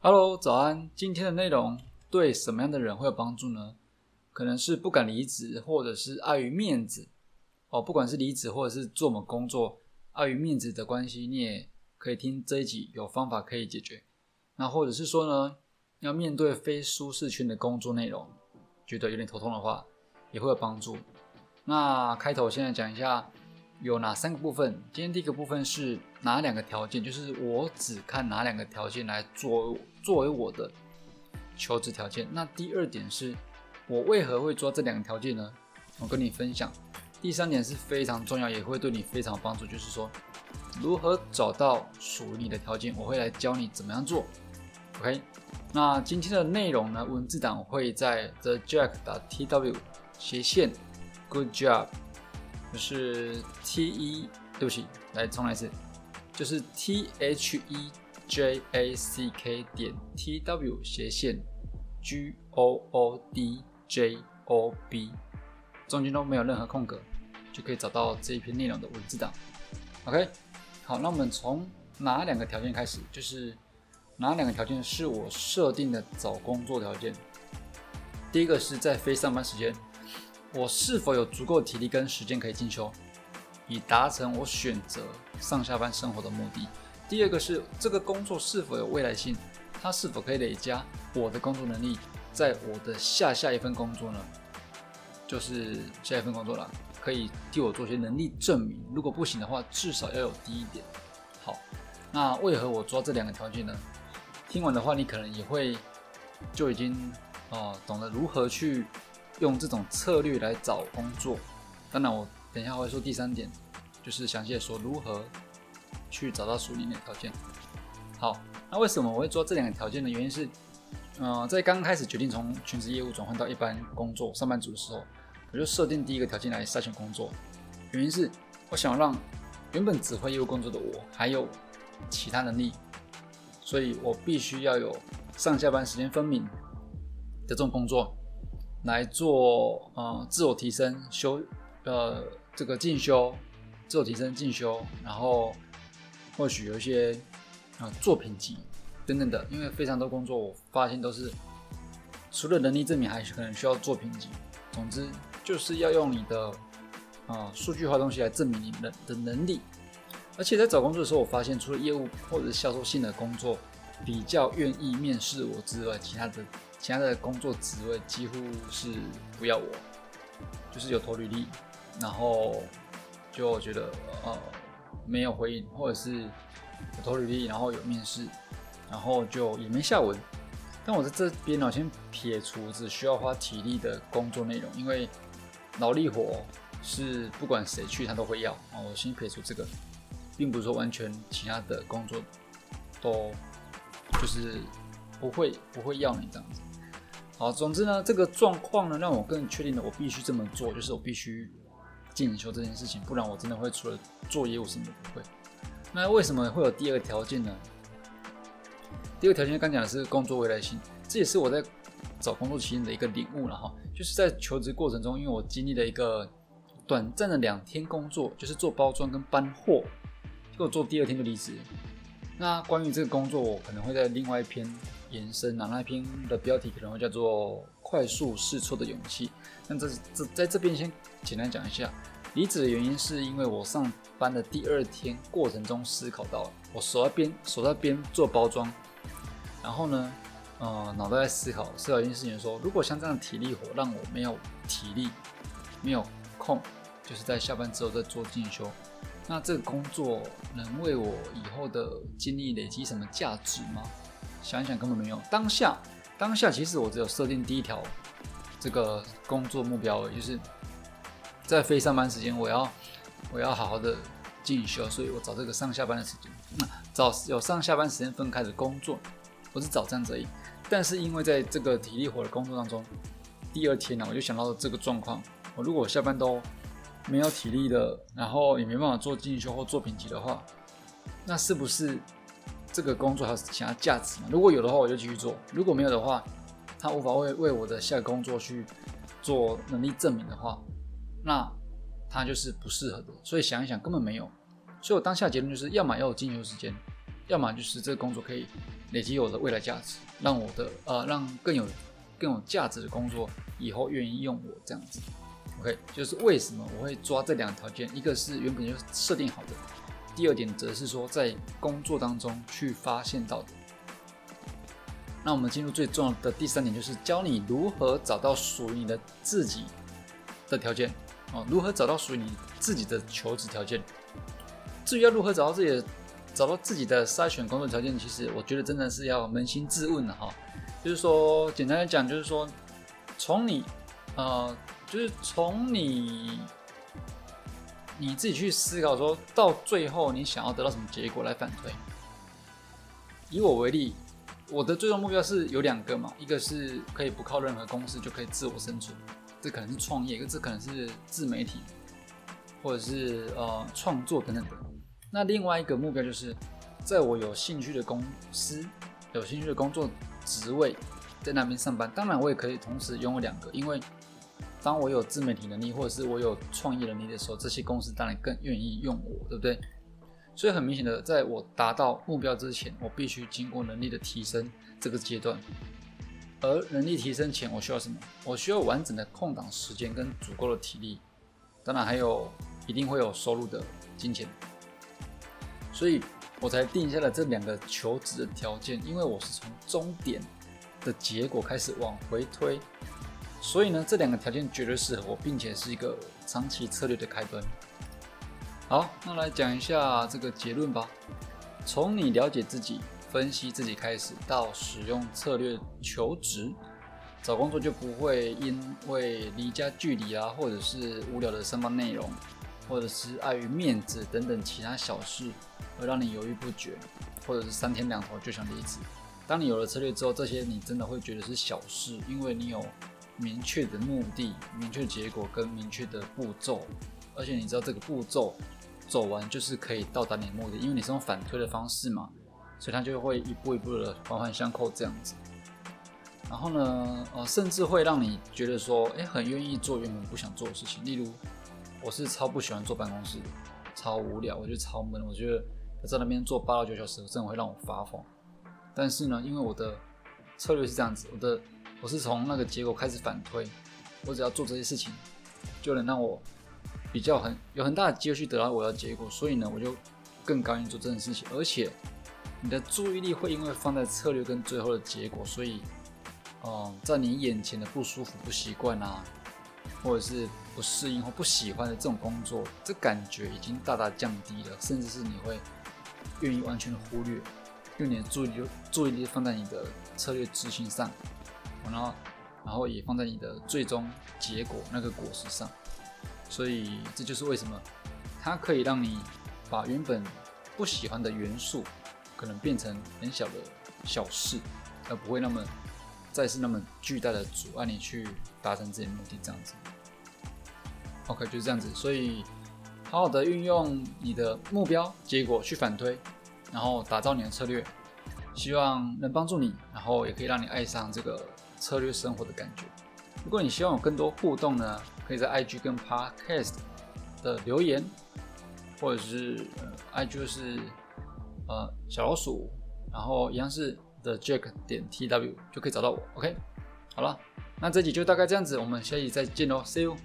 哈嘍，早安。今天的內容對什麼樣的人會有幫助呢？可能是不敢離職，或者是礙於面子。哦，不管是離職或者是做某工作，礙於面子的關係，你也可以聽這一集，有方法可以解決。那或者是說呢，要面對非舒適圈的工作內容，覺得有點頭痛的話，也會有幫助。那開頭先來講一下。有哪三個部分？今天第一個部分是哪兩個條件？就是我只看哪兩個條件來作作為我的求職條件。那第二點是我為何會做這兩個條件呢？我跟你分享。第三點是非常重要，也會對你非常有幫助，就是說如何找到屬於你的條件，我會來教你怎麼樣做。OK，那今天的內容呢，文字檔會在 thejack.tw 斜線 goodjob。就是 T E，對不起，來重來一次，就是 T H E J A C K 點 T W 斜線 G O O D J O B，中間都沒有任何空格，就可以找到這一篇內容的文字檔。OK，好，那我們從哪兩個條件開始？就是哪兩個條件是我設定的找工作條件？第一個是在非上班時間。我是否有足夠的體力跟時間可以進修，以達成我選擇上下班生活的目的？第二個是這個工作是否有未來性，它是否可以累加我的工作能力，在我的下下一份工作呢？就是下一份工作了，可以替我做些能力證明。如果不行的話，至少要有第一點。好，那為何我抓這兩個條件呢？聽完的話，你可能也會就已經哦、呃，懂得如何去。用這種策略來找工作，當然我等一下我會說第三點，就是詳細的說如何去找到屬於你的條件。好，那為什麼我會做這兩個條件的原因是，呃，在剛開始決定從全職業務轉換到一般工作上班族的時候，我就設定第一個條件來篩選工作，原因是我想讓原本只會業務工作的我還有其他能力，所以我必須要有上下班時間分明的這種工作。來做呃自我提升修呃這個進修，自我提升進修，然後或許有一些啊、呃、作品集等等的，因為非常多工作，我發現都是除了能力證明，還是可能需要作品集。總之就是要用你的啊、呃、數據化東西來證明你的能的能力。而且在找工作的時候，我發現除了業務或者是銷售性的工作，比較願意面試我之外，其他的。其他的工作職位幾乎是不要我，就是有投履歷，然後就覺得呃沒有回應，或者是有投履歷，然後有面試，然後就也沒下文。但我在這邊呢，我先撇除只需要花體力的工作內容，因為腦力活是不管誰去他都會要，我先撇除這個，並不是說完全其他的工作都就是不會不會要你這樣子。好，總之呢，這個狀況呢，讓我更確定了，我必須這麼做，就是我必須進修這件事情，不然我真的會除了做業務什麼都不會。那為什麼會有第二個條件呢？第二個條件剛講的是工作未來性，這也是我在找工作期間的一個領悟了哈，就是在求職過程中，因為我經歷了一個短暫的兩天工作，就是做包裝跟搬貨，結果做第二天就離職。那關於這個工作，我可能會在另外一篇延伸。那那一篇的標題可能會叫做“快速試錯的勇氣”。那這這在這邊先簡單講一下，離職的原因是因為我上班的第二天過程中思考到，我手在邊手在邊做包裝，然後呢，呃，腦袋在思考思考一件事情，說如果像這樣體力活讓我沒有體力，沒有空，就是在下班之後再做進修。那這個工作能為我以後的經歷累積什麼價值嗎？想一想根本沒有。當下，當下其實我只有設定第一條，這個工作目標，也就是在非上班時間，我要我要好好的進修。所以我找這個上下班的時間，那、嗯、找有上下班時間分開的工作，不是找這樣子而已，但是因為在這個體力活的工作當中，第二天呢、啊，我就想到了這個狀況，我如果下班都。沒有體力的，然後也沒辦法做進修或作品集的話，那是不是這個工作還是想要價值嘛？如果有的話，我就繼續做；如果沒有的話，他無法為為我的下個工作去做能力證明的話，那他就是不適合的。所以想一想，根本沒有。所以我當下結論就是：要麼要有進修時間，要麼就是這個工作可以累積我的未來價值，讓我的呃，讓更有更有價值的工作以後願意用我這樣子。OK，就是為什麼我會抓這兩條件，一個是原本就設定好的，第二點則是說在工作當中去發現到的。那我們進入最重要的第三點，就是教你如何找到屬於你的自己的條件啊、哦，如何找到屬於你自己的求職條件。至於要如何找到自己的找到自己的篩選工作條件，其實我覺得真的是要捫心自問的哈。就是說，簡單來講，就是說從你呃。就是從你你自己去思考，說到最後你想要得到什麼結果來反推。以我為例，我的最終目標是有兩個嘛，一個是可以不靠任何公司就可以自我生存，這可能是創業，一個這可能是自媒體，或者是呃創作等等。那另外一個目標就是，在我有興趣的公司、有興趣的工作職位，在那邊上班。當然，我也可以同時擁有兩個，因為。當我有自媒體能力，或者是我有創業能力的時候，這些公司當然更願意用我，對不對？所以很明顯的，在我達到目標之前，我必須經過能力的提升這個階段。而能力提升前，我需要什麼？我需要完整的空檔時間跟足夠的體力，當然還有一定會有收入的金錢。所以我才定下了這兩個求職的條件，因為我是從終點的結果開始往回推。所以呢，這兩個條件絕對適合我，並且是一個長期策略的開端。好，那來講一下這個結論吧。從你了解自己、分析自己開始，到使用策略求職、找工作，就不會因為離家距離啊，或者是無聊的上班內容，或者是礙於面子等等其他小事而讓你猶豫不決，或者是三天兩頭就想離職。當你有了策略之後，這些你真的會覺得是小事，因為你有。明確的目的、明確的結果跟明確的步驟，而且你知道這個步驟走完就是可以到達你的目的，因為你是用反推的方式嘛，所以它就會一步一步的環環相扣這樣子。然後呢，呃，甚至會讓你覺得說，誒、欸，很願意做原本不想做的事情。例如，我是超不喜歡坐辦公室，超無聊，我就超悶，我覺得在那邊坐八到九小時真的會讓我發瘋。但是呢，因為我的策略是這樣子，我的。我是從那個結果開始反推，我只要做這些事情，就能讓我比較很有很大的機會去得到我的結果，所以呢，我就更甘於做這件事情。而且，你的注意力會因為放在策略跟最後的結果，所以，嗯，在你眼前的不舒服、不習慣啊，或者是不適應或不喜歡的這種工作，這感覺已經大大降低了，甚至是你會願意完全的忽略，用你的注意力注意力放在你的策略執行上。然後，然後也放在你的最終結果那個果實上，所以這就是為什麼它可以讓你把原本不喜歡的元素，可能變成很小的小事，而不會那麼再是那麼巨大的阻礙你去達成自己的目的。這樣子，OK，就是這樣子。所以，好好的運用你的目標結果去反推，然後打造你的策略，希望能幫助你，然後也可以讓你愛上這個。策略生活的感覺。如果你希望有更多互動呢，可以在 IG 跟 Podcast 的留言，或者是、呃、IG 是呃小老鼠，然後一樣是 TheJack 點 TW 就可以找到我。OK，好了，那這集就大概這樣子，我們下集再見嘍，See you。